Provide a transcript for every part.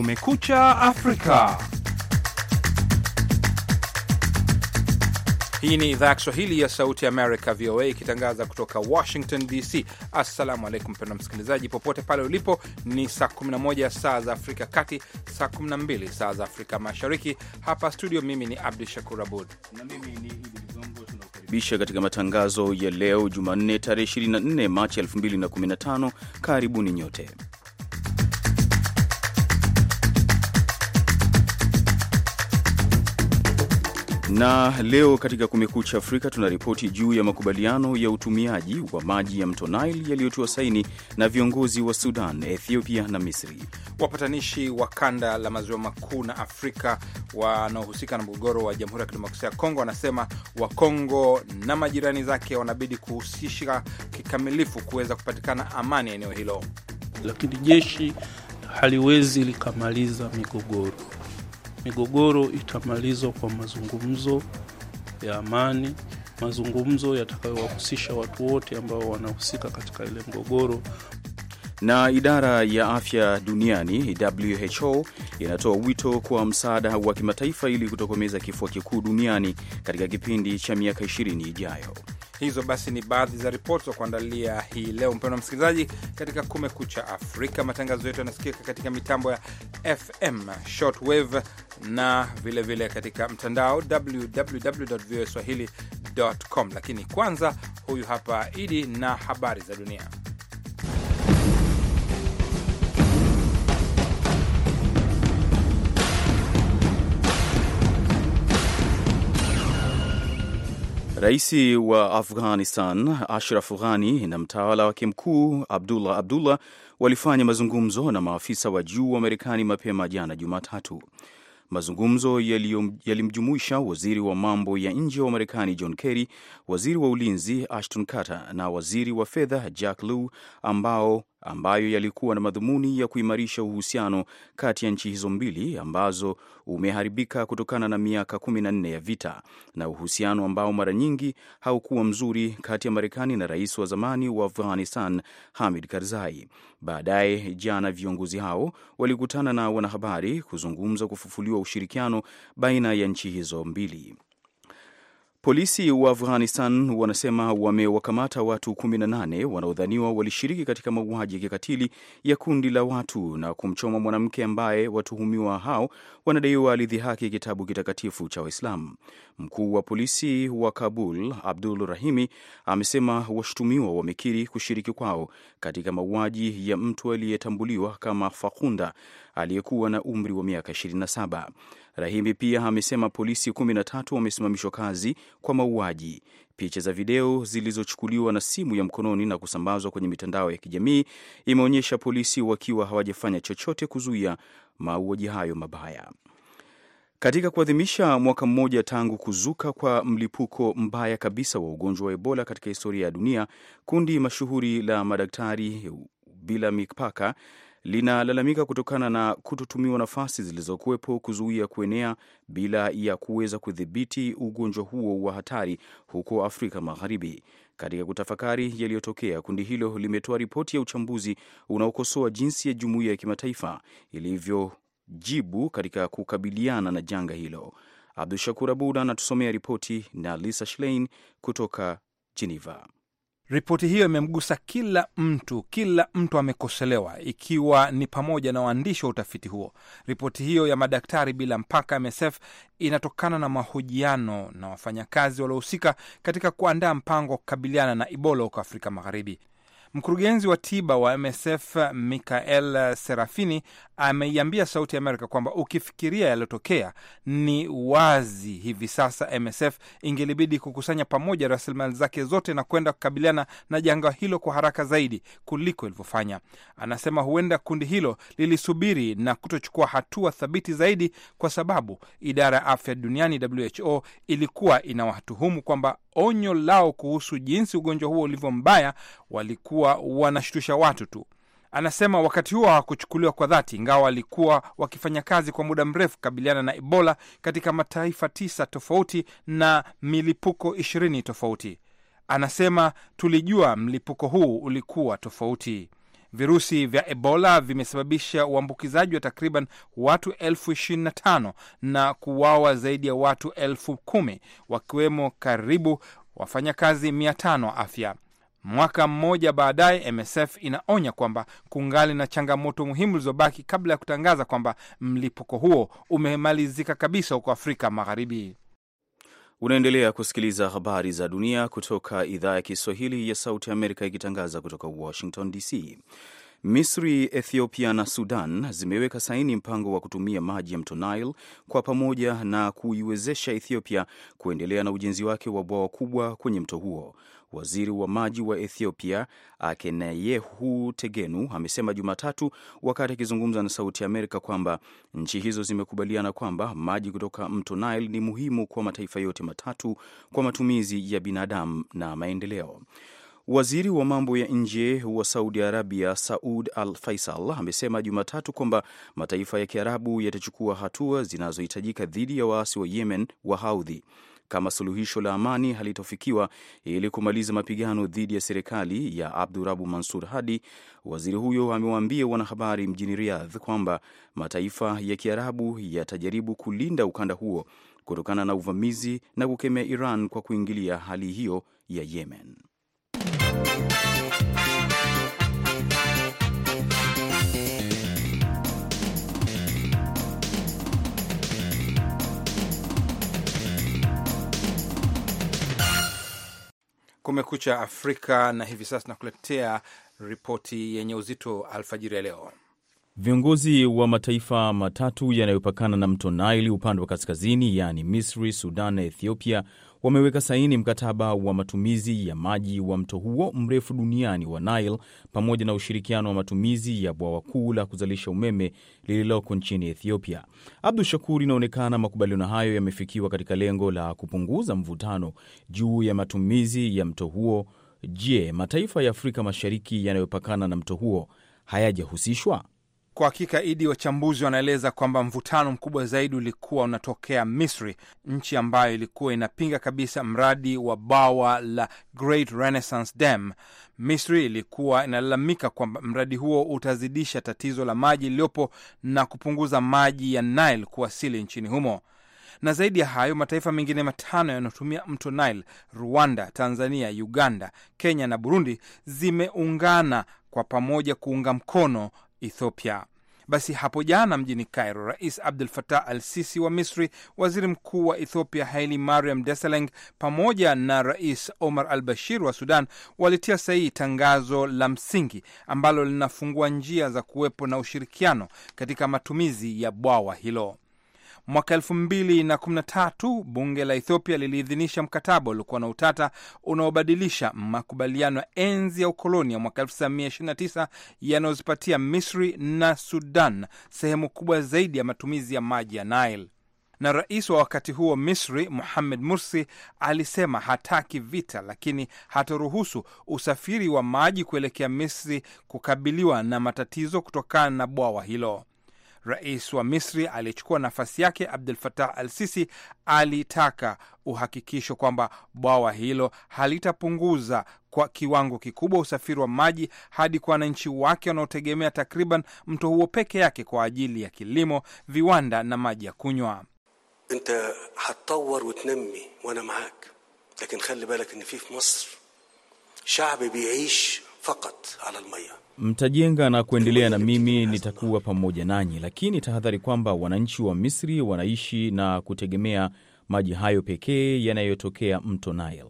Kumekucha Afrika. Hii ni idhaa ya Kiswahili ya Sauti Amerika, VOA, ikitangaza kutoka Washington DC. Assalamu alaikum mpendwa msikilizaji, popote pale ulipo. Ni saa 11 saa za Afrika Kati, saa 12 saa za Afrika Mashariki. Hapa studio, mimi ni Abdu Shakur Abud bisha katika matangazo ya leo Jumanne, tarehe 24 Machi 2015. Karibuni nyote Na leo katika Kumekucha Afrika tunaripoti juu ya makubaliano ya utumiaji wa maji ya mto Nile yaliyotiwa saini na viongozi wa Sudan, Ethiopia na Misri. Wapatanishi wa kanda la maziwa makuu na Afrika wanaohusika na mgogoro wa Jamhuri ya Kidemokrasia ya Kongo wanasema Wakongo na majirani zake wanabidi kuhusisha kikamilifu kuweza kupatikana amani ya eneo hilo, lakini jeshi haliwezi likamaliza migogoro Migogoro itamalizwa kwa mazungumzo ya amani, mazungumzo yatakayowahusisha watu wote ambao wanahusika katika ile mgogoro. Na idara ya afya duniani WHO inatoa wito kwa msaada wa kimataifa ili kutokomeza kifua kikuu duniani katika kipindi cha miaka 20 ijayo. Hizo basi ni baadhi za ripoti za kuandalia hii leo, mpendwa msikilizaji, katika Kumekucha Afrika. Matangazo yetu yanasikika katika mitambo ya FM, shortwave na vilevile vile katika mtandao www voa swahili com. Lakini kwanza, huyu hapa Idi na habari za dunia. Rais wa Afghanistan Ashraf Ghani na mtawala wake mkuu Abdullah Abdullah walifanya mazungumzo na maafisa wa juu wa Marekani mapema jana Jumatatu. Mazungumzo yalimjumuisha yali waziri wa mambo ya nje wa Marekani John Kerry, waziri wa ulinzi Ashton Carter na waziri wa fedha Jack Lew ambao ambayo yalikuwa na madhumuni ya kuimarisha uhusiano kati ya nchi hizo mbili ambazo umeharibika kutokana na miaka 14 ya vita na uhusiano ambao mara nyingi haukuwa mzuri kati ya Marekani na rais wa zamani wa Afghanistan Hamid Karzai. Baadaye jana viongozi hao walikutana na wanahabari kuzungumza kufufuliwa ushirikiano baina ya nchi hizo mbili. Polisi wa Afghanistan wanasema wamewakamata watu 18 wanaodhaniwa walishiriki katika mauaji ya kikatili ya kundi la watu na kumchoma mwanamke ambaye watuhumiwa hao wanadaiwa alidhihaki kitabu kitakatifu cha Waislamu. Mkuu wa polisi wa Kabul, Abdul Rahimi, amesema washutumiwa wamekiri kushiriki kwao katika mauaji ya mtu aliyetambuliwa kama Fakunda aliyekuwa na umri wa miaka 27. Rahimi pia amesema polisi 13 wamesimamishwa kazi kwa mauaji. Picha za video zilizochukuliwa na simu ya mkononi na kusambazwa kwenye mitandao ya kijamii imeonyesha polisi wakiwa hawajafanya chochote kuzuia mauaji hayo mabaya. Katika kuadhimisha mwaka mmoja tangu kuzuka kwa mlipuko mbaya kabisa wa ugonjwa wa Ebola katika historia ya dunia, kundi mashuhuri la madaktari bila mipaka linalalamika kutokana na kutotumiwa nafasi zilizokuwepo kuzuia kuenea bila ya kuweza kudhibiti ugonjwa huo wa hatari huko Afrika Magharibi. Katika kutafakari yaliyotokea, kundi hilo limetoa ripoti ya uchambuzi unaokosoa jinsi ya jumuiya ya kimataifa ilivyojibu katika kukabiliana na janga hilo. Abdu Shakur Abud anatusomea ripoti na Lisa Schlein kutoka Geneva. Ripoti hiyo imemgusa kila mtu, kila mtu amekoselewa, ikiwa ni pamoja na waandishi wa utafiti huo. Ripoti hiyo ya Madaktari Bila Mpaka, MSF, inatokana na mahojiano na wafanyakazi waliohusika katika kuandaa mpango wa kukabiliana na Ebola huko Afrika Magharibi. Mkurugenzi wa tiba wa MSF Michael Serafini ameiambia Sauti ya Amerika kwamba ukifikiria yaliyotokea, ni wazi hivi sasa MSF ingelibidi kukusanya pamoja rasilimali zake zote na kwenda kukabiliana na janga hilo kwa haraka zaidi kuliko ilivyofanya. Anasema huenda kundi hilo lilisubiri na kutochukua hatua thabiti zaidi, kwa sababu idara ya afya duniani WHO ilikuwa inawatuhumu kwamba onyo lao kuhusu jinsi ugonjwa huo ulivyo mbaya walikuwa wanashutusha watu tu. Anasema wakati huo hawakuchukuliwa kwa dhati, ingawa walikuwa wakifanya kazi kwa muda mrefu kukabiliana na Ebola katika mataifa tisa tofauti na milipuko ishirini tofauti. Anasema tulijua mlipuko huu ulikuwa tofauti. Virusi vya Ebola vimesababisha uambukizaji wa takriban watu elfu ishirini na tano na zaidi ya watu elfu kumi wakiwemo karibu wafanyakazi mia tano wa afya. Mwaka mmoja baadaye, MSF inaonya kwamba kungali na changamoto muhimu zilizobaki kabla ya kutangaza kwamba mlipuko huo umemalizika kabisa huko Afrika Magharibi. Unaendelea kusikiliza habari za dunia kutoka idhaa ya Kiswahili ya Sauti ya Amerika, ikitangaza kutoka Washington DC. Misri, Ethiopia na Sudan zimeweka saini mpango wa kutumia maji ya mto Nile kwa pamoja na kuiwezesha Ethiopia kuendelea na ujenzi wake wa bwawa kubwa kwenye mto huo. Waziri wa maji wa Ethiopia Akenayehu Tegenu amesema Jumatatu wakati akizungumza na Sauti ya Amerika kwamba nchi hizo zimekubaliana kwamba maji kutoka mto Nile ni muhimu kwa mataifa yote matatu kwa matumizi ya binadamu na maendeleo. Waziri wa mambo ya nje wa Saudi Arabia Saud Al Faisal amesema Jumatatu kwamba mataifa ya Kiarabu yatachukua hatua zinazohitajika dhidi ya waasi wa Yemen wa Haudhi kama suluhisho la amani halitofikiwa ili kumaliza mapigano dhidi ya serikali ya Abdurabu Mansur Hadi. Waziri huyo amewaambia wanahabari mjini Riyadh kwamba mataifa ya Kiarabu yatajaribu kulinda ukanda huo kutokana na uvamizi na kukemea Iran kwa kuingilia hali hiyo ya Yemen. Kumekucha Afrika, na hivi sasa tunakuletea ripoti yenye uzito alfajiri ya leo. Viongozi wa mataifa matatu yanayopakana na mto Nile upande wa kaskazini, yaani Misri, Sudan na Ethiopia, wameweka saini mkataba wa matumizi ya maji wa mto huo mrefu duniani wa Nile pamoja na ushirikiano wa matumizi ya bwawa kuu la kuzalisha umeme lililoko nchini Ethiopia. Abdu Shakur, inaonekana makubaliano hayo yamefikiwa katika lengo la kupunguza mvutano juu ya matumizi ya mto huo. Je, mataifa ya Afrika Mashariki yanayopakana na mto huo hayajahusishwa? Kwa hakika Idi, wachambuzi wanaeleza kwamba mvutano mkubwa zaidi ulikuwa unatokea Misri, nchi ambayo ilikuwa inapinga kabisa mradi wa bawa la Great Renaissance Dam. Misri ilikuwa inalalamika kwamba mradi huo utazidisha tatizo la maji iliyopo na kupunguza maji ya Nile kuwasili nchini humo na zaidi ya hayo mataifa mengine matano yanayotumia mto Nile, Rwanda, Tanzania, Uganda, Kenya na Burundi zimeungana kwa pamoja kuunga mkono Ethiopia. Basi hapo jana mjini Cairo, Rais Abdul Fatah al Sisi wa Misri, waziri mkuu wa Ethiopia Haili Mariam Desalegn pamoja na Rais Omar al Bashir wa Sudan walitia sahihi tangazo la msingi ambalo linafungua njia za kuwepo na ushirikiano katika matumizi ya bwawa hilo. Mwaka tatu bunge la Ethiopia liliidhinisha mkataba uliokuwa na utata unaobadilisha makubaliano ya enzi ya ukoloni ya mwaka tisa yanayozipatia Misri na Sudan sehemu kubwa zaidi ya matumizi ya maji ya Nile na rais wa wakati huo Misri Muhamed Mursi alisema hataki vita, lakini hataruhusu usafiri wa maji kuelekea Misri kukabiliwa na matatizo kutokana na bwawa hilo rais wa Misri aliyechukua nafasi yake Abdul Fatah al Sisi alitaka uhakikisho kwamba bwawa hilo halitapunguza kwa kiwango kikubwa usafiri wa maji hadi kwa wananchi wake wanaotegemea takriban mto huo peke yake kwa ajili ya kilimo, viwanda na maji ya kunywa. Inta hatawar wtnami wana maak lakin khali balak in fi fi Misr biish fakat ala almaya mtajenga na kuendelea, na mimi nitakuwa pamoja nanyi, lakini tahadhari kwamba wananchi wa Misri wanaishi na kutegemea maji hayo pekee yanayotokea mto Nile.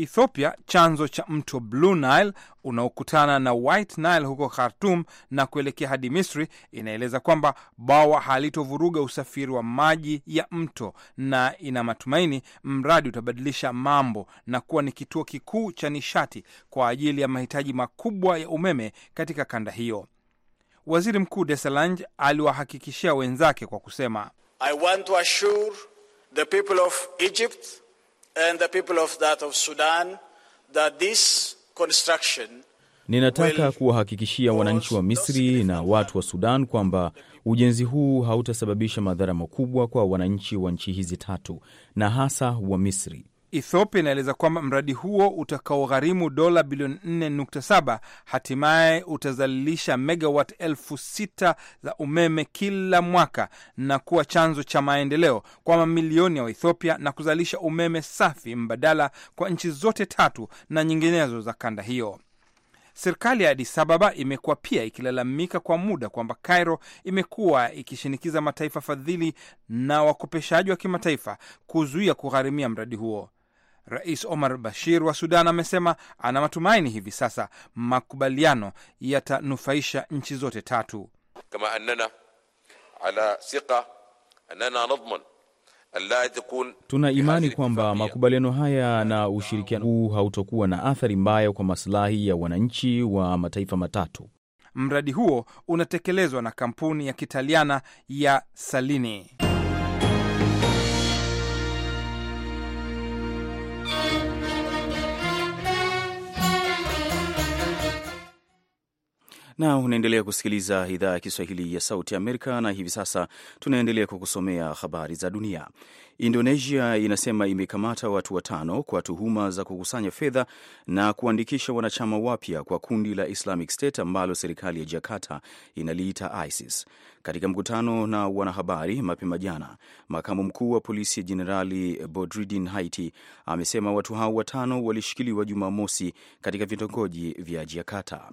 Ethiopia chanzo cha mto Blue Nile unaokutana na White Nile huko Khartum na kuelekea hadi Misri, inaeleza kwamba bwawa halitovuruga usafiri wa maji ya mto na ina matumaini mradi utabadilisha mambo na kuwa ni kituo kikuu cha nishati kwa ajili ya mahitaji makubwa ya umeme katika kanda hiyo. Waziri Mkuu Desalegn aliwahakikishia wenzake kwa kusema I want to assure the people of Egypt and the people of that of Sudan that this construction Ninataka kuwahakikishia wananchi wa Misri na watu wa Sudan kwamba ujenzi huu hautasababisha madhara makubwa kwa wananchi wa nchi hizi tatu na hasa wa Misri. Ethiopia inaeleza kwamba mradi huo utakaogharimu dola bilioni 4.7 hatimaye utazalisha megawat elfu sita za umeme kila mwaka na kuwa chanzo cha maendeleo kwa mamilioni ya Waethiopia na kuzalisha umeme safi mbadala kwa nchi zote tatu na nyinginezo za kanda hiyo. Serikali ya Addis Ababa imekuwa pia ikilalamika kwa muda kwamba Cairo imekuwa ikishinikiza mataifa fadhili na wakopeshaji wa kimataifa kuzuia kugharimia mradi huo. Rais Omar Bashir wa Sudan amesema ana matumaini hivi sasa makubaliano yatanufaisha nchi zote tatu. kama annana ala annana Tuna imani kwamba makubaliano haya na ushirikiano huu hautokuwa na athari mbaya kwa masilahi ya wananchi wa mataifa matatu. Mradi huo unatekelezwa na kampuni ya Kitaliana ya Salini. na unaendelea kusikiliza idhaa ya Kiswahili ya Sauti Amerika, na hivi sasa tunaendelea kukusomea habari za dunia. Indonesia inasema imekamata watu watano kwa tuhuma za kukusanya fedha na kuandikisha wanachama wapya kwa kundi la Islamic State ambalo serikali ya Jakarta inaliita ISIS. Katika mkutano na wanahabari mapema jana, makamu mkuu wa polisi ya Jenerali Bodridin Haiti amesema watu hao watano walishikiliwa Jumamosi katika vitongoji vya Jakarta.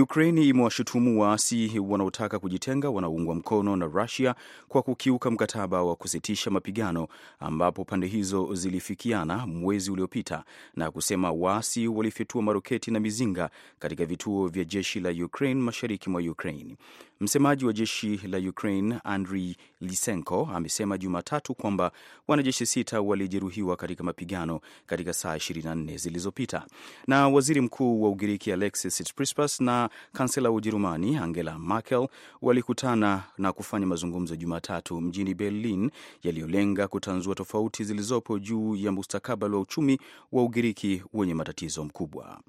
Ukraini imewashutumu waasi wanaotaka kujitenga wanaoungwa mkono na Rusia kwa kukiuka mkataba wa kusitisha mapigano ambapo pande hizo zilifikiana mwezi uliopita na kusema waasi walifyatua maroketi na mizinga katika vituo vya jeshi la Ukraine mashariki mwa Ukraine. Msemaji wa jeshi la Ukraine Andriy Lisenko amesema Jumatatu kwamba wanajeshi sita walijeruhiwa katika mapigano katika saa 24 zilizopita. Na waziri mkuu wa Ugiriki Alexis Tsipras na kansela wa Ujerumani Angela Merkel walikutana na kufanya mazungumzo Jumatatu mjini Berlin yaliyolenga kutanzua tofauti zilizopo juu ya mustakabali wa uchumi wa Ugiriki wenye matatizo mkubwa.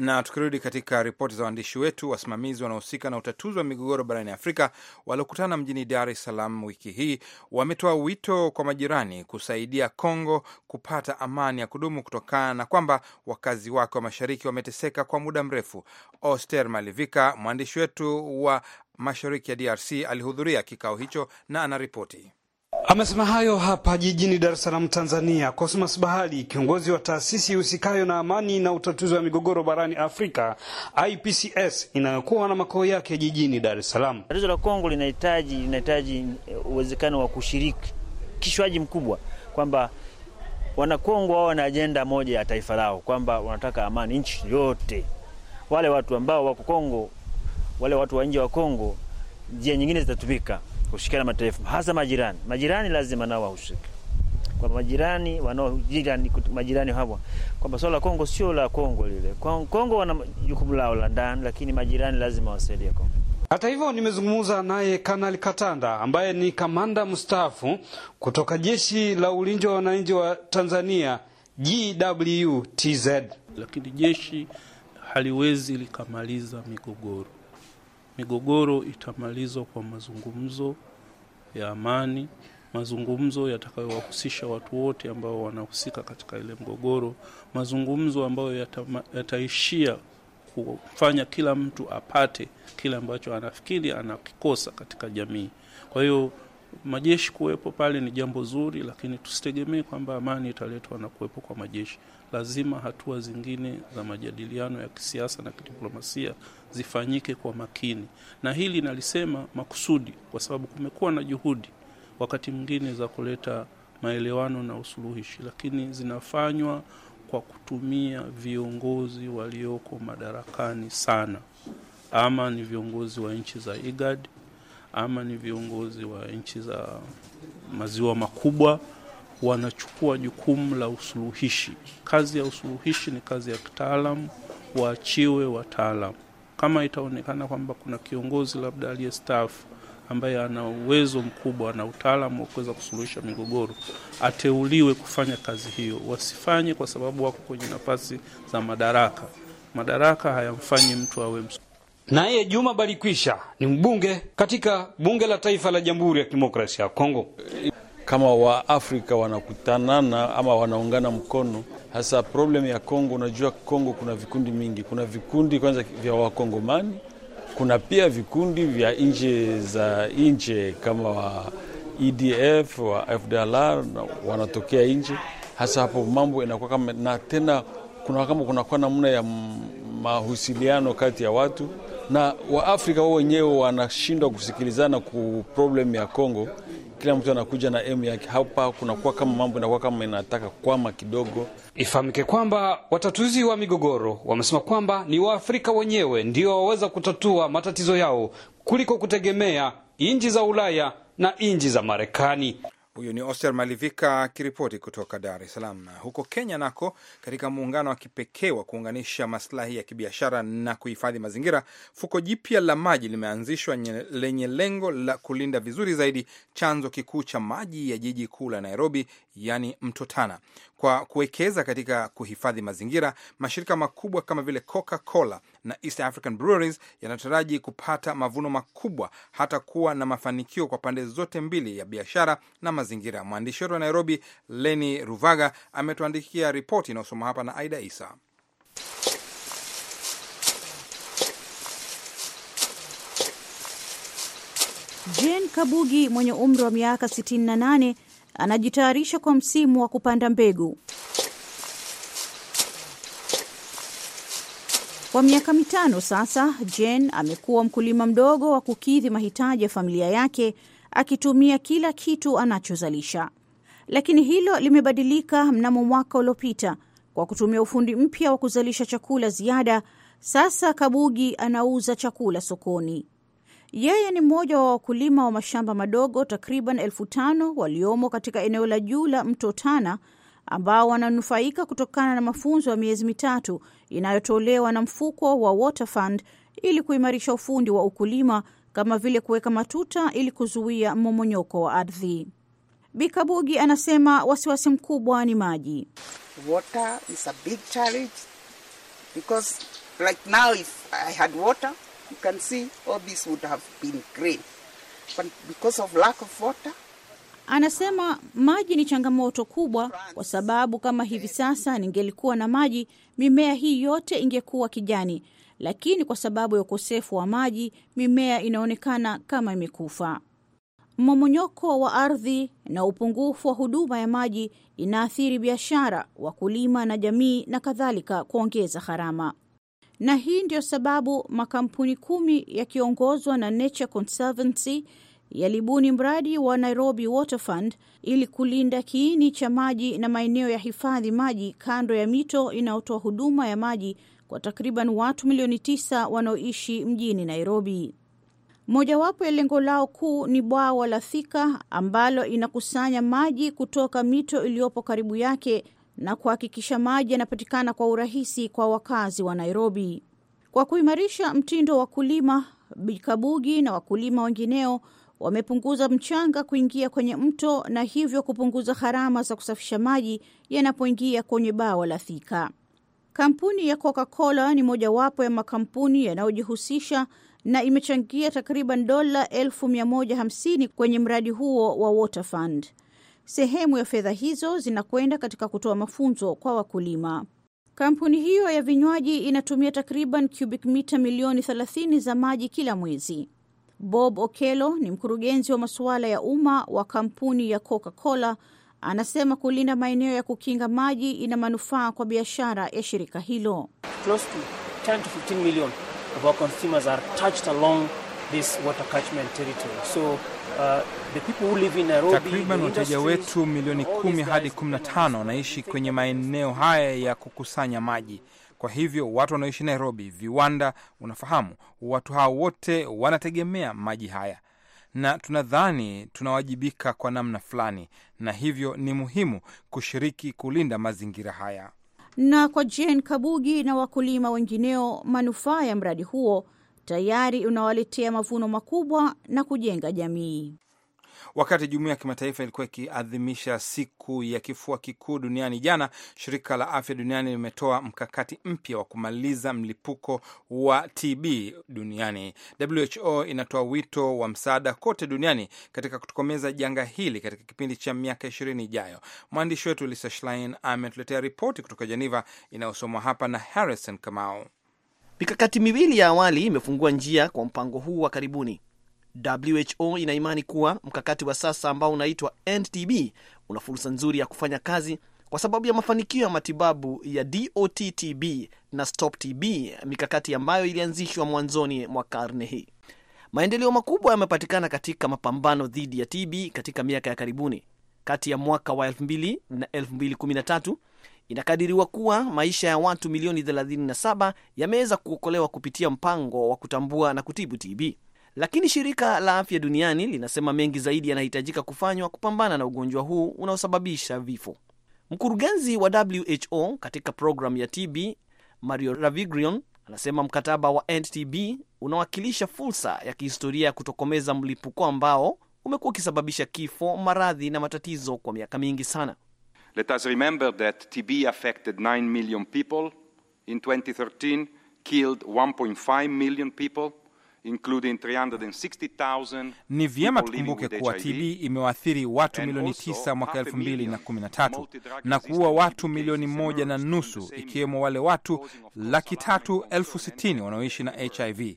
Na tukirudi katika ripoti za waandishi wetu, wasimamizi wanaohusika na utatuzi wa migogoro barani Afrika waliokutana mjini Dar es Salaam wiki hii wametoa wito kwa majirani kusaidia Kongo kupata amani ya kudumu kutokana na kwamba wakazi wake wa mashariki wameteseka kwa muda mrefu. Oster Malivika, mwandishi wetu wa mashariki ya DRC, alihudhuria kikao hicho na anaripoti. Amesema hayo hapa jijini Dar es Salaam, Tanzania. Cosmas Bahali, kiongozi wa taasisi husikayo na amani na utatuzi wa migogoro barani Afrika, IPCS, inayokuwa na makao yake jijini Dar es Salaam. Tatizo la Kongo linahitaji linahitaji uwezekano wa kushiriki kishwaji mkubwa kwamba Wanakongo wao wana ajenda moja ya taifa lao kwamba wanataka amani nchi yote. Wale watu ambao wako Kongo, wale watu wa nje wa Kongo, njia nyingine zitatumika kushikana mataifa hasa majirani. Majirani lazima nao wahusike, kwa majirani wanao jirani, majirani hawa, kwamba swala la Kongo sio la Kongo lile. Kongo wana jukumu lao la ndani, lakini majirani lazima wasaidie Kongo. Hata hivyo nimezungumza naye Kanali Katanda ambaye ni kamanda mstaafu kutoka jeshi la ulinzi wa wananchi wa Tanzania GWTZ. Lakini jeshi haliwezi likamaliza migogoro migogoro itamalizwa kwa mazungumzo ya amani, mazungumzo yatakayowahusisha watu wote ambao wanahusika katika ile mgogoro, mazungumzo ambayo yata, yataishia kufanya kila mtu apate kile ambacho anafikiri anakikosa katika jamii. Kwa hiyo Majeshi kuwepo pale ni jambo zuri, lakini tusitegemee kwamba amani italetwa na kuwepo kwa majeshi. Lazima hatua zingine za majadiliano ya kisiasa na kidiplomasia zifanyike kwa makini, na hili nalisema makusudi kwa sababu kumekuwa na juhudi wakati mwingine za kuleta maelewano na usuluhishi, lakini zinafanywa kwa kutumia viongozi walioko madarakani sana, ama ni viongozi wa nchi za IGAD ama ni viongozi wa nchi za maziwa makubwa wanachukua jukumu la usuluhishi. Kazi ya usuluhishi ni kazi ya kitaalamu, waachiwe wataalamu. Kama itaonekana kwamba kuna kiongozi labda aliye aliyestaafu ambaye ana uwezo mkubwa, na utaalamu wa kuweza kusuluhisha migogoro, ateuliwe kufanya kazi hiyo. Wasifanye kwa sababu wako kwenye nafasi za madaraka. Madaraka hayamfanyi mtu awe msu na yeye Juma Balikwisha ni mbunge katika bunge la taifa la Jamhuri ya Kidemokrasia ya Kongo. Kama Waafrika wanakutanana ama wanaungana mkono, hasa problem ya Kongo. Unajua Kongo kuna vikundi mingi, kuna vikundi kwanza vya Wakongomani, kuna pia vikundi vya nje za nje kama wa EDF wa FDLR wanatokea nje, hasa hapo mambo inakuwa kama na tena kuna kama kunakuwa namna ya mahusiliano kati ya watu na Waafrika wao wenyewe wanashindwa kusikilizana ku problem ya Kongo. Kila mtu anakuja na emu yake, hapa kunakuwa kama mambo inakuwa kama inataka kwama kidogo. Ifahamike kwamba watatuzi wa migogoro wamesema kwamba ni Waafrika wenyewe ndio waweza kutatua matatizo yao kuliko kutegemea nchi za Ulaya na nchi za Marekani. Huyu ni Oster Malivika akiripoti kutoka Dar es Salaam. Huko Kenya nako, katika muungano wa kipekee wa kuunganisha maslahi ya kibiashara na kuhifadhi mazingira, fuko jipya la maji limeanzishwa lenye lengo la kulinda vizuri zaidi chanzo kikuu cha maji ya jiji kuu la Nairobi, yani mto Tana. Kwa kuwekeza katika kuhifadhi mazingira, mashirika makubwa kama vile Coca-Cola na East African Breweries yanataraji kupata mavuno makubwa, hata kuwa na mafanikio kwa pande zote mbili ya biashara na mazingira. Mwandishi wetu wa Nairobi, Leni Ruvaga, ametuandikia ripoti inayosoma hapa na Aida Isa. Jane Kabugi mwenye umri wa miaka 68 anajitayarisha kwa msimu wa kupanda mbegu. Kwa miaka mitano sasa, Jen amekuwa mkulima mdogo wa kukidhi mahitaji ya familia yake akitumia kila kitu anachozalisha, lakini hilo limebadilika mnamo mwaka uliopita kwa kutumia ufundi mpya wa kuzalisha chakula ziada. Sasa Kabugi anauza chakula sokoni. Yeye ni mmoja wa wakulima wa mashamba madogo takriban elfu tano waliomo katika eneo la juu la mto Tana ambao wananufaika kutokana na mafunzo ya miezi mitatu inayotolewa na mfuko wa Water Fund ili kuimarisha ufundi wa ukulima kama vile kuweka matuta ili kuzuia mmomonyoko wa ardhi. Bikabugi anasema wasiwasi mkubwa ni maji. Water is a big challenge because like now if I had water You can see all this would have been green. But because of lack of water, Anasema maji ni changamoto kubwa, kwa sababu kama hivi sasa ningelikuwa na maji, mimea hii yote ingekuwa kijani, lakini kwa sababu ya ukosefu wa maji, mimea inaonekana kama imekufa. Mmomonyoko wa ardhi na upungufu wa huduma ya maji inaathiri biashara, wakulima na jamii na kadhalika, kuongeza gharama na hii ndiyo sababu makampuni kumi yakiongozwa na Nature Conservancy yalibuni mradi wa Nairobi Water Fund ili kulinda kiini cha maji na maeneo ya hifadhi maji kando ya mito inayotoa huduma ya maji kwa takriban watu milioni tisa wanaoishi mjini Nairobi. Mojawapo ya lengo lao kuu ni bwawa la Thika ambalo inakusanya maji kutoka mito iliyopo karibu yake na kuhakikisha maji yanapatikana kwa urahisi kwa wakazi wa Nairobi. Kwa kuimarisha mtindo wa kulima, Bikabugi na wakulima wengineo wamepunguza mchanga kuingia kwenye mto na hivyo kupunguza gharama za kusafisha maji yanapoingia kwenye bawa la Thika. Kampuni ya Coca-Cola ni mojawapo ya makampuni yanayojihusisha na imechangia takriban dola elfu kwenye mradi huo wa Water Fund. Sehemu ya fedha hizo zinakwenda katika kutoa mafunzo kwa wakulima. Kampuni hiyo ya vinywaji inatumia takriban cubic mita milioni 30 za maji kila mwezi. Bob Okelo ni mkurugenzi wa masuala ya umma wa kampuni ya Coca-Cola. Anasema kulinda maeneo ya kukinga maji ina manufaa kwa biashara ya shirika hilo. Close to 10 to 15 So, uh, Takriban wateja wetu milioni kumi hadi kumi na tano wanaishi kwenye maeneo haya ya kukusanya maji. Kwa hivyo watu wanaoishi Nairobi, viwanda, unafahamu, watu hao wote wanategemea maji haya, na tunadhani tunawajibika kwa namna fulani, na hivyo ni muhimu kushiriki kulinda mazingira haya. Na kwa Jane Kabugi na wakulima wengineo, manufaa ya mradi huo tayari unawaletea mavuno makubwa na kujenga jamii. Wakati jumuiya ya kimataifa ilikuwa ikiadhimisha siku ya kifua kikuu duniani jana, shirika la afya duniani limetoa mkakati mpya wa kumaliza mlipuko wa TB duniani. WHO inatoa wito wa msaada kote duniani katika kutokomeza janga hili katika kipindi cha miaka ishirini ijayo. Mwandishi wetu Lisa Schlein ametuletea ripoti kutoka jeneva inayosomwa hapa na Harrison Kamau. Mikakati miwili ya awali imefungua njia kwa mpango huu wa karibuni. WHO inaimani kuwa mkakati wa sasa ambao unaitwa NTB una fursa nzuri ya kufanya kazi kwa sababu ya mafanikio ya matibabu ya dottb na StopTB, mikakati ambayo ilianzishwa mwanzoni mwa karne hii. Maendeleo makubwa yamepatikana katika mapambano dhidi ya TB katika miaka ya karibuni. Kati ya mwaka wa 2000 na 2013 inakadiriwa kuwa maisha ya watu milioni 37 yameweza kuokolewa kupitia mpango wa kutambua na kutibu TB. Lakini shirika la afya duniani linasema mengi zaidi yanahitajika kufanywa kupambana na ugonjwa huu unaosababisha vifo. Mkurugenzi wa WHO katika programu ya TB Mario Ravigrion anasema mkataba wa NTB unawakilisha fursa ya kihistoria ya kutokomeza mlipuko ambao umekuwa ukisababisha kifo, maradhi na matatizo kwa miaka mingi sana. Let us remember that TB affected 9 million people in 2013, killed 1.5 million people ni vyema tukumbuke kuwa TB imewaathiri watu milioni tisa mwaka 2013 na kuua watu milioni moja na nusu ikiwemo wale watu laki tatu elfu sitini wanaoishi na HIV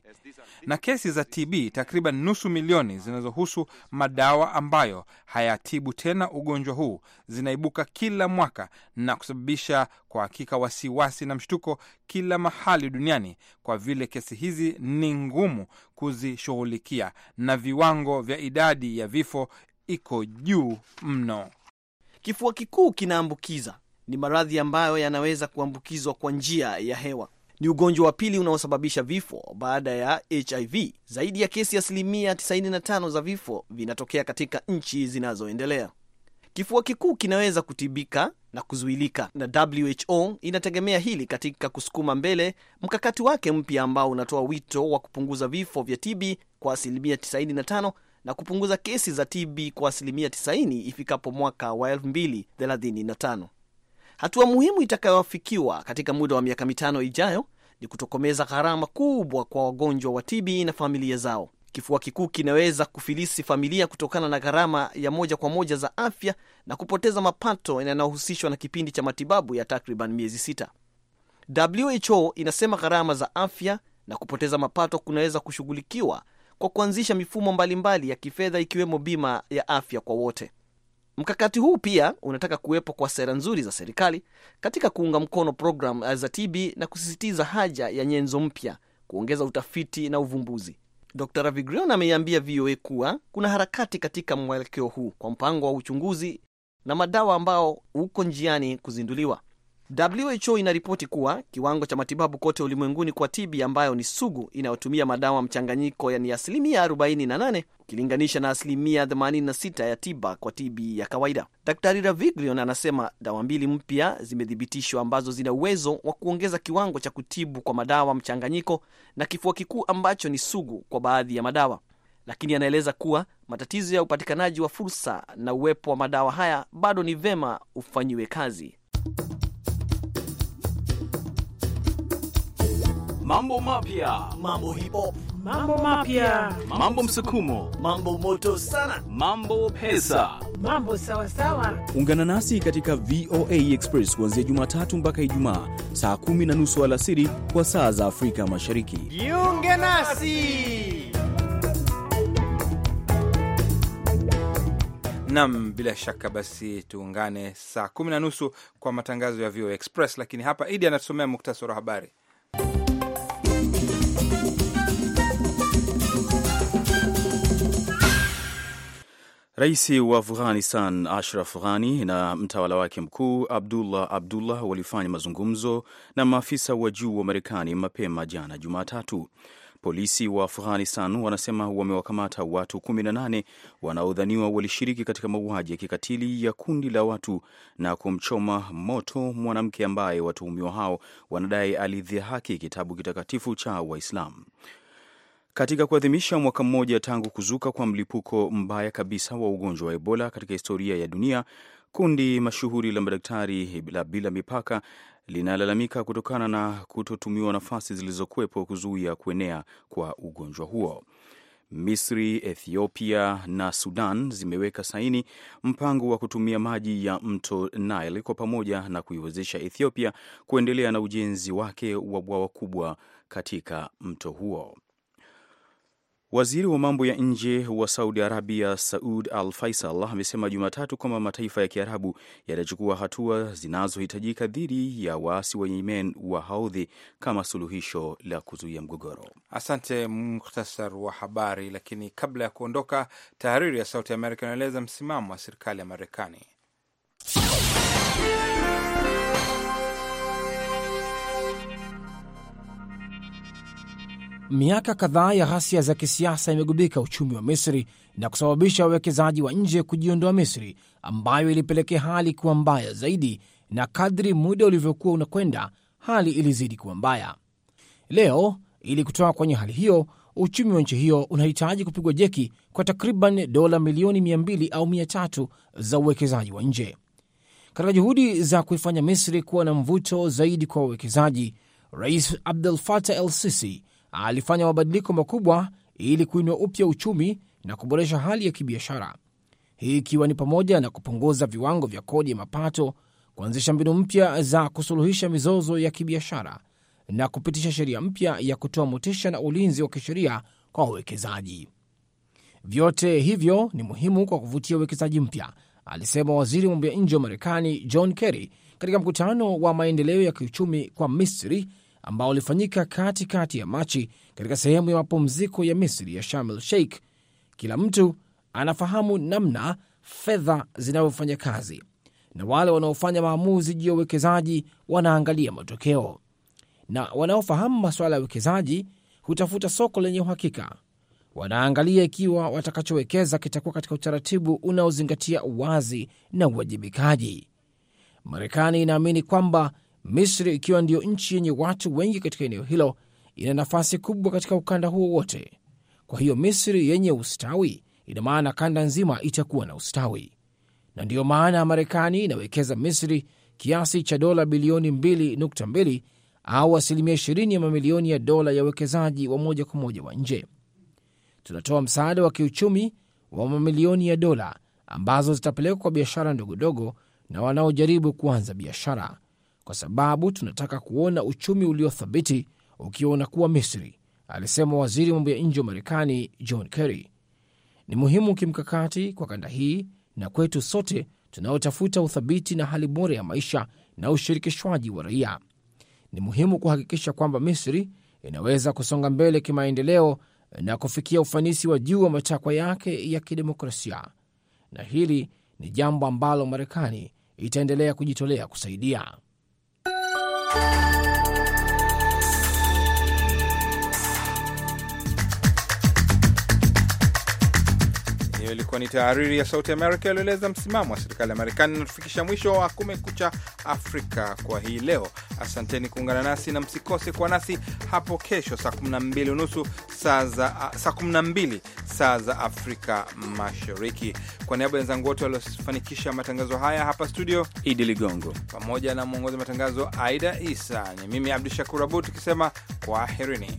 na kesi za TB takriban nusu milioni zinazohusu madawa ambayo hayatibu tena ugonjwa huu zinaibuka kila mwaka na kusababisha kwa hakika wasiwasi na mshtuko kila mahali duniani, kwa vile kesi hizi ni ngumu kuzishughulikia na viwango vya idadi ya vifo iko juu mno. Kifua kikuu kinaambukiza ni maradhi ambayo yanaweza kuambukizwa kwa njia ya hewa ni ugonjwa wa pili unaosababisha vifo baada ya HIV. Zaidi ya kesi asilimia 95 za vifo vinatokea katika nchi zinazoendelea. Kifua kikuu kinaweza kutibika na kuzuilika, na WHO inategemea hili katika kusukuma mbele mkakati wake mpya ambao unatoa wito wa kupunguza vifo vya TB kwa asilimia 95 na kupunguza kesi za TB kwa asilimia 90 ifikapo mwaka wa 2035. Hatua muhimu itakayofikiwa katika muda wa miaka mitano ijayo ni kutokomeza gharama kubwa kwa wagonjwa wa TB na familia zao. Kifua kikuu kinaweza kufilisi familia kutokana na gharama ya moja kwa moja za afya na kupoteza mapato yanayohusishwa na kipindi cha matibabu ya takriban miezi sita. WHO inasema gharama za afya na kupoteza mapato kunaweza kushughulikiwa kwa kuanzisha mifumo mbalimbali mbali ya kifedha ikiwemo bima ya afya kwa wote. Mkakati huu pia unataka kuwepo kwa sera nzuri za serikali katika kuunga mkono programu eh, za TB na kusisitiza haja ya nyenzo mpya, kuongeza utafiti na uvumbuzi. Dr Ravigrion ameiambia VOA kuwa kuna harakati katika mwelekeo huu kwa mpango wa uchunguzi na madawa ambao uko njiani kuzinduliwa. WHO inaripoti kuwa kiwango cha matibabu kote ulimwenguni kwa TB ambayo ni sugu inayotumia madawa mchanganyiko ni asilimia 48 ukilinganisha na asilimia 86 ya tiba kwa TB ya kawaida. dr Ravigrion anasema dawa mbili mpya zimethibitishwa ambazo zina uwezo wa kuongeza kiwango cha kutibu kwa madawa mchanganyiko na kifua kikuu ambacho ni sugu kwa baadhi ya madawa, lakini anaeleza kuwa matatizo ya upatikanaji wa fursa na uwepo wa madawa haya bado ni vema ufanyiwe kazi. mambo mapya, mambo hipo, mambo mapya, mambo msukumo, mambo moto sana, mambo pesa, mambo sawa sawa. Ungana nasi katika VOA Express kuanzia Jumatatu mpaka Ijumaa saa kumi na nusu alasiri kwa saa za Afrika Mashariki. Jiunge nasi. Nam, bila shaka basi tuungane saa kumi na nusu kwa matangazo ya VOA Express. Lakini hapa Idi anatusomea muktasari wa habari. Rais wa Afghanistan Ashraf Ghani na mtawala wake mkuu Abdullah Abdullah walifanya mazungumzo na maafisa wa juu wa Marekani mapema jana Jumatatu. Polisi wa Afghanistan wanasema wamewakamata watu 18 wanaodhaniwa walishiriki katika mauaji ya kikatili ya kundi la watu na kumchoma moto mwanamke ambaye watuhumiwa hao wanadai alidhihaki kitabu kitakatifu cha Waislamu. Katika kuadhimisha mwaka mmoja tangu kuzuka kwa mlipuko mbaya kabisa wa ugonjwa wa Ebola katika historia ya dunia, kundi mashuhuri la madaktari la bila mipaka linalalamika kutokana na kutotumiwa nafasi zilizokuwepo kuzuia kuenea kwa ugonjwa huo. Misri, Ethiopia na Sudan zimeweka saini mpango wa kutumia maji ya mto Nile kwa pamoja na kuiwezesha Ethiopia kuendelea na ujenzi wake wa bwawa kubwa katika mto huo. Waziri wa mambo ya nje wa Saudi Arabia Saud Al Faisal amesema Jumatatu kwamba mataifa ya Kiarabu yatachukua hatua zinazohitajika dhidi ya waasi wa Yemen wa Haudhi kama suluhisho la kuzuia mgogoro. Asante, muhtasar wa habari. Lakini kabla ya kuondoka, tahariri ya Sauti ya Amerika inaeleza msimamo wa serikali ya Marekani. Miaka kadhaa ya ghasia za kisiasa imegubika uchumi wa Misri na kusababisha wawekezaji wa nje kujiondoa Misri, ambayo ilipelekea hali kuwa mbaya zaidi, na kadri muda ulivyokuwa unakwenda, hali ilizidi kuwa mbaya. Leo, ili kutoka kwenye hali hiyo, uchumi wa nchi hiyo unahitaji kupigwa jeki kwa takriban dola milioni 200 au 300 za uwekezaji wa nje. Katika juhudi za kuifanya Misri kuwa na mvuto zaidi kwa wawekezaji, Rais Abdel Fattah el Sisi alifanya mabadiliko makubwa ili kuinua upya uchumi na kuboresha hali ya kibiashara, hii ikiwa ni pamoja na kupunguza viwango vya kodi ya mapato, kuanzisha mbinu mpya za kusuluhisha mizozo ya kibiashara na kupitisha sheria mpya ya kutoa motisha na ulinzi wa kisheria kwa wawekezaji. Vyote hivyo ni muhimu kwa kuvutia uwekezaji mpya, alisema waziri wa mambo ya nje wa Marekani John Kerry katika mkutano wa maendeleo ya kiuchumi kwa Misri ambao ulifanyika katikati ya Machi katika sehemu ya mapumziko ya Misri ya Sharm el Sheikh. Kila mtu anafahamu namna fedha zinavyofanya kazi na wale wanaofanya maamuzi juu ya uwekezaji wanaangalia matokeo, na wanaofahamu masuala ya uwekezaji hutafuta soko lenye uhakika. Wanaangalia ikiwa watakachowekeza kitakuwa katika utaratibu unaozingatia uwazi na uwajibikaji. Marekani inaamini kwamba Misri ikiwa ndiyo nchi yenye watu wengi katika eneo hilo, ina nafasi kubwa katika ukanda huo wote. Kwa hiyo Misri yenye ustawi ina maana kanda nzima itakuwa na ustawi, na ndiyo maana Marekani inawekeza Misri kiasi cha dola bilioni 2.2 au asilimia 20 ya mamilioni ya dola ya uwekezaji wa moja kwa moja wa nje. Tunatoa msaada wa kiuchumi wa mamilioni ya dola ambazo zitapelekwa kwa biashara ndogondogo na wanaojaribu kuanza biashara kwa sababu tunataka kuona uchumi uliothabiti ukiwa unakuwa Misri, alisema waziri mambo ya nje wa Marekani John Kerry. Ni muhimu kimkakati kwa kanda hii na kwetu sote tunaotafuta uthabiti na hali bora ya maisha na ushirikishwaji wa raia. Ni muhimu kuhakikisha kwamba Misri inaweza kusonga mbele kimaendeleo na kufikia ufanisi wa juu wa matakwa yake ya kidemokrasia, na hili ni jambo ambalo Marekani itaendelea kujitolea kusaidia. Bye. Hiyo ilikuwa ni tahariri ya Sauti Amerika iliyoeleza msimamo wa serikali ya Marekani. Natufikisha mwisho wa Kumekucha Afrika kwa hii leo. Asanteni kuungana nasi na msikose kuwa nasi hapo kesho saa 12 unusu saa 12 saa za Afrika Mashariki. Kwa niaba ya wenzangu wote waliofanikisha matangazo haya hapa studio, Idi Ligongo pamoja na mwongozi matangazo Aida Isa, ni mimi Abdu Shakur Abud tukisema kwaherini.